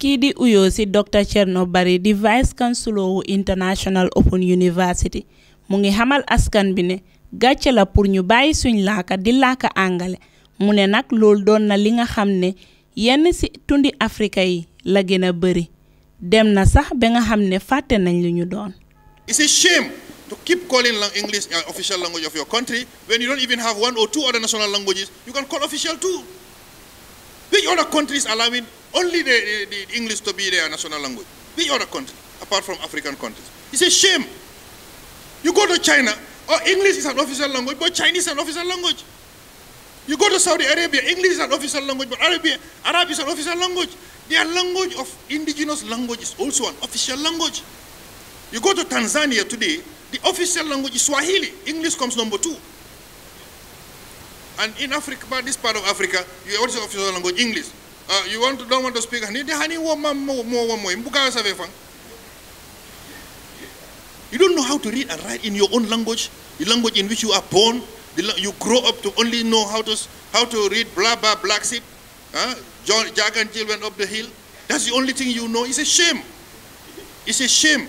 Kidi di uyoo si Bari di vice chancellor of International Open University mu hamal askan bine, ne gàcce la pour ñu suñ di àngale mu ne nag loolu na linga nga yenn si tundi Afrika yi la gën bëri dem na sax ba nga xam ne nañ ñu doon. It's a shame to keep calling English uh, official language of your country when you don't even have one or two other national languages you can call official too. Which other countries allowing only the, the, the English to be their national language. The other country, apart from African countries. It's a shame. You go to China, or oh, English is an official language, but Chinese is an official language. You go to Saudi Arabia, English is an official language, but Arabia, Arab is an official language. Their language of indigenous language is also an official language. You go to Tanzania today, the official language is Swahili. English comes number two. And in Africa, this part of Africa, you also official language English. Uh, you want to, don't want to speak hani hani you don't know how to read and write in your own language the language in which you are born you grow up to only know how to how to read blah blah black sheep. huh? John, Jack and Jill went up the hill that's the only thing you know it's a shame it's a shame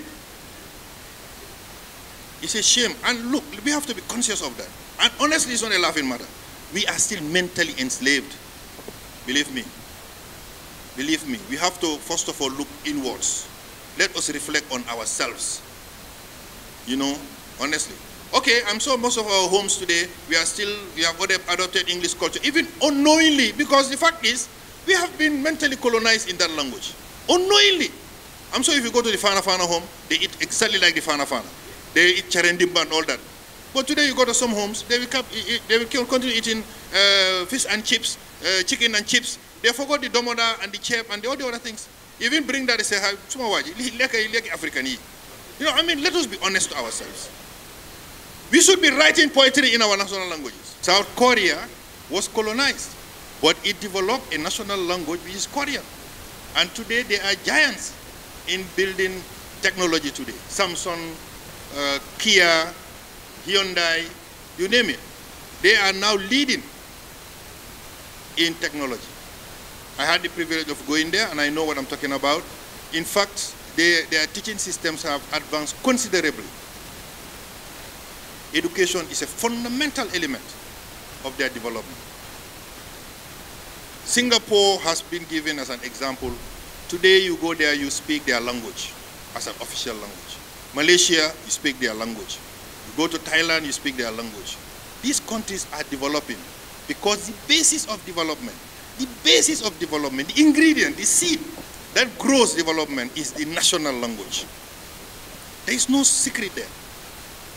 it's a shame and look we have to be conscious of that and honestly it's not a laughing matter we are still mentally enslaved believe me believe me, we have to first of all look inwards. Let us reflect on ourselves. You know, honestly. Okay, I'm sure most of our homes today, we are still, we have adopted English culture, even unknowingly, because the fact is, we have been mentally colonized in that language. Unknowingly. I'm sure if you go to the Fana Fana home, they eat exactly like the Fana Fana. They eat charendimba and all that. But today you go to some homes, they will, they will continue eating uh, fish and chips, uh, chicken and chips, they forgot the domoda and the chip and the, all the other things. Even bring that and say, African. You know, I mean, let us be honest to ourselves. We should be writing poetry in our national languages. South Korea was colonized, but it developed a national language which is Korean. And today they are giants in building technology today. Samsung, uh, Kia, Hyundai, you name it. They are now leading in technology. I had the privilege of going there and I know what I'm talking about. In fact, they, their teaching systems have advanced considerably. Education is a fundamental element of their development. Singapore has been given as an example. Today you go there, you speak their language as an official language. Malaysia, you speak their language. You go to Thailand, you speak their language. These countries are developing because the basis of development the basis of development, the ingredient, the seed that grows development is the national language. There is no secret there.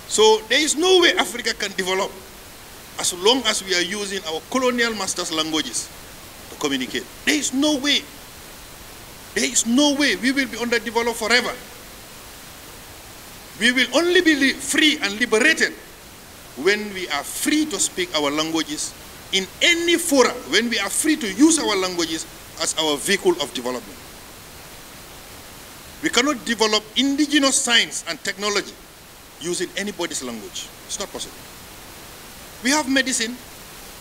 So there is no way Africa can develop as long as we are using our colonial masters' languages to communicate. There is no way. There is no way we will be underdeveloped forever. We will only be free and liberated when we are free to speak our languages in any fora when we are free to use our languages as our vehicle of development. We cannot develop indigenous science and technology using anybody's language. It's not possible. We have medicine,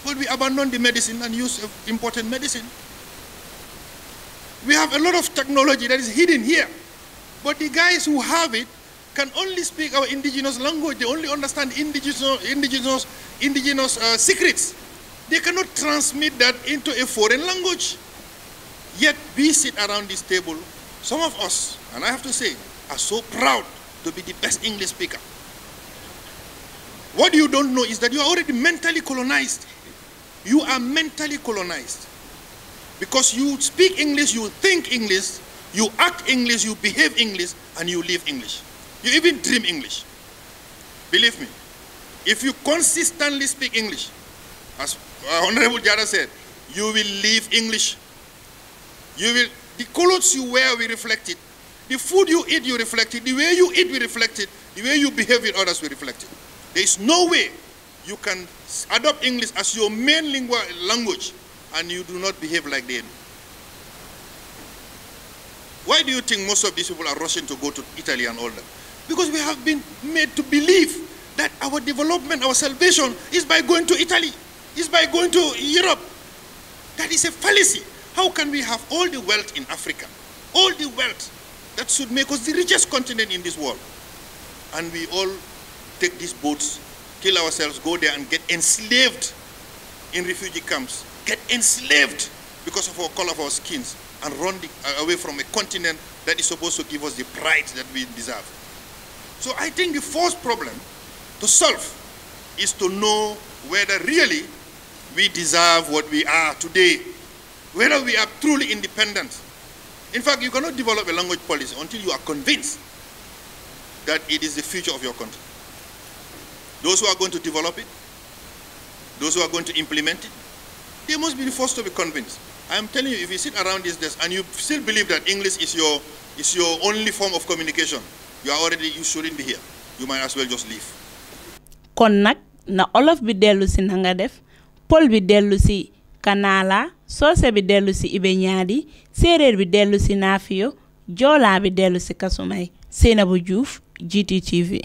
but we abandon the medicine and use important medicine. We have a lot of technology that is hidden here, but the guys who have it can only speak our indigenous language. They only understand indigenous, indigenous, indigenous uh, secrets. They cannot transmit that into a foreign language. Yet we sit around this table, some of us, and I have to say, are so proud to be the best English speaker. What you don't know is that you are already mentally colonized. You are mentally colonized. Because you speak English, you think English, you act English, you behave English, and you live English. You even dream English. Believe me, if you consistently speak English, as uh, Honorable Jada said, you will leave English. You will, the clothes you wear will reflect it. The food you eat, you reflect it. The way you eat, will reflect it. The way you behave with others, will reflect it. There is no way you can adopt English as your main lingua language and you do not behave like them. Why do you think most of these people are rushing to go to Italy and all that? Because we have been made to believe that our development, our salvation is by going to Italy is by going to Europe. That is a fallacy. How can we have all the wealth in Africa? All the wealth that should make us the richest continent in this world. And we all take these boats, kill ourselves, go there and get enslaved in refugee camps, get enslaved because of our color of our skins and run the, uh, away from a continent that is supposed to give us the pride that we deserve. So I think the first problem to solve is to know whether really we deserve what we are today, whether we are truly independent. In fact, you cannot develop a language policy until you are convinced that it is the future of your country. Those who are going to develop it, those who are going to implement it, they must be the first to be convinced. I am telling you, if you sit around this desk and you still believe that English is your, is your only form of communication, you are already, you shouldn't be here. You might as well just leave. Konak na olaf bi dellu si def pël bi dellu si kanaala soose bi dellu ci ibe séeréer bi dellu si naafiyo joolaa bi dellu si kasumay Seynabou Diouf GTTV